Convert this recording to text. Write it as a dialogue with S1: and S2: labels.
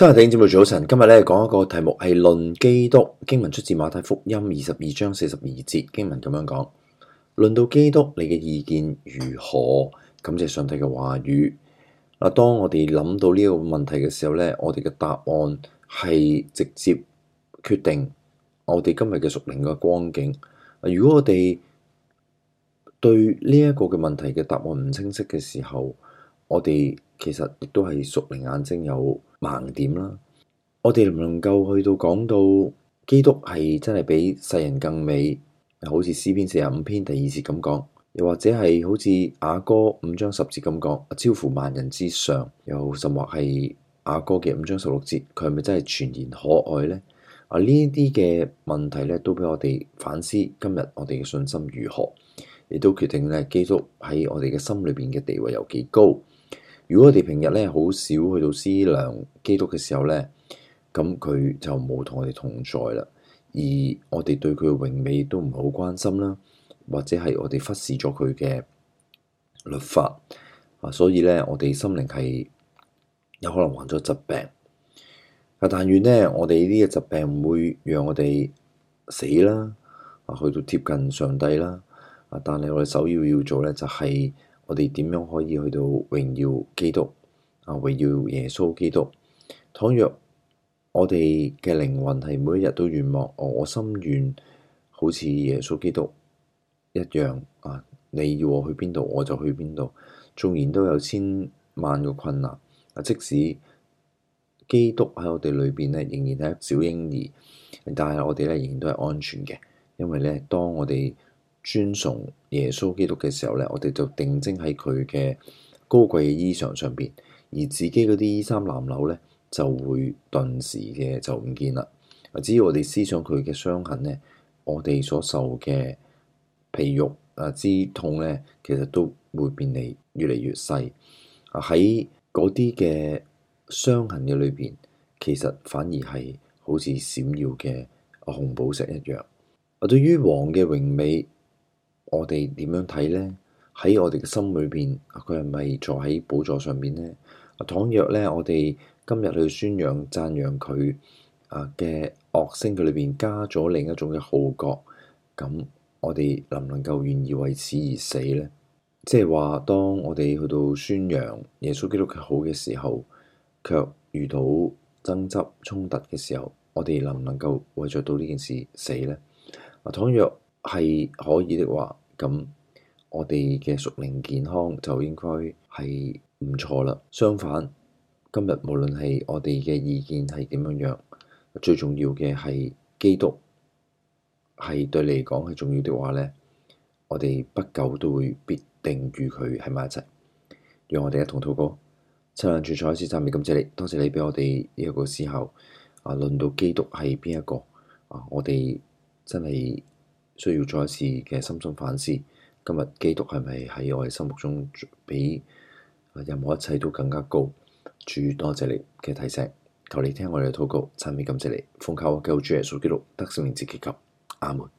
S1: 《天下電節目》早晨，今日咧講一個題目係論基督。經文出自馬太福音二十二章四十二節，經文咁樣講：論到基督，你嘅意見如何？感謝上帝嘅話語。嗱，當我哋諗到呢個問題嘅時候咧，我哋嘅答案係直接決定我哋今日嘅屬靈嘅光景。如果我哋對呢一個嘅問題嘅答案唔清晰嘅時候，我哋其實亦都係屬靈眼睛有。盲點啦，我哋能唔能夠去到講到基督係真係比世人更美？好似詩篇四十五篇第二節咁講，又或者係好似雅歌五章十節咁講，超乎萬人之上。又甚或係雅歌嘅五章十六節，佢係咪真係全然可愛呢？啊呢啲嘅問題咧，都俾我哋反思今日我哋嘅信心如何，亦都決定咧基督喺我哋嘅心裏邊嘅地位有幾高。如果我哋平日咧好少去到思量基督嘅時候咧，咁佢就冇同我哋同在啦，而我哋對佢嘅榮美都唔好關心啦，或者係我哋忽視咗佢嘅律法啊，所以咧我哋心靈係有可能患咗疾病啊，但願呢，我哋呢啲嘅疾病唔會讓我哋死啦啊，去到貼近上帝啦啊，但係我哋首要要做咧就係、是。我哋點樣可以去到榮耀基督啊？榮耀耶穌基督。倘若我哋嘅靈魂係每一日都願望，我心願好似耶穌基督一樣啊！你要我去邊度，我就去邊度。縱然都有千萬個困難，啊，即使基督喺我哋裏邊咧，仍然係一小嬰兒，但係我哋咧仍然都係安全嘅，因為咧，當我哋尊崇耶穌基督嘅時候咧，我哋就定睛喺佢嘅高貴嘅衣裳上邊，而自己嗰啲衣衫襤褸咧就會頓時嘅就唔見啦。只要我哋思想佢嘅傷痕咧，我哋所受嘅皮肉啊之痛咧，其實都會變嚟越嚟越細啊。喺嗰啲嘅傷痕嘅裏邊，其實反而係好似閃耀嘅紅寶石一樣。啊，對於王嘅榮美。我哋點樣睇呢？喺我哋嘅心裏邊，佢係咪坐喺寶座上面呢？倘若呢，我哋今日去宣揚、讚揚佢嘅樂聲，佢裏邊加咗另一種嘅號角，咁我哋能唔能夠願意為此而死呢？即係話，當我哋去到宣揚耶穌基督佢好嘅時候，卻遇到爭執、衝突嘅時候，我哋能唔能夠為著到呢件事死呢？倘若係可以的話。咁我哋嘅屬靈健康就應該係唔錯啦。相反，今日無論係我哋嘅意見係點樣樣，最重要嘅係基督係對你嚟講係重要的話呢，我哋不久都會必定與佢喺埋一齊。讓我哋一同禱告，趁兩柱彩先暫別，感謝你，多謝你俾我哋呢一個思考，啊，論到基督係邊一個啊，我哋真係～需要再次嘅深深反思。今日基督係咪喺我哋心目中比任何一切都更加高？主多謝你嘅提醒，求你聽我哋嘅禱告，讚美感謝你。奉靠我救主耶穌基督得勝名字祈求。阿門。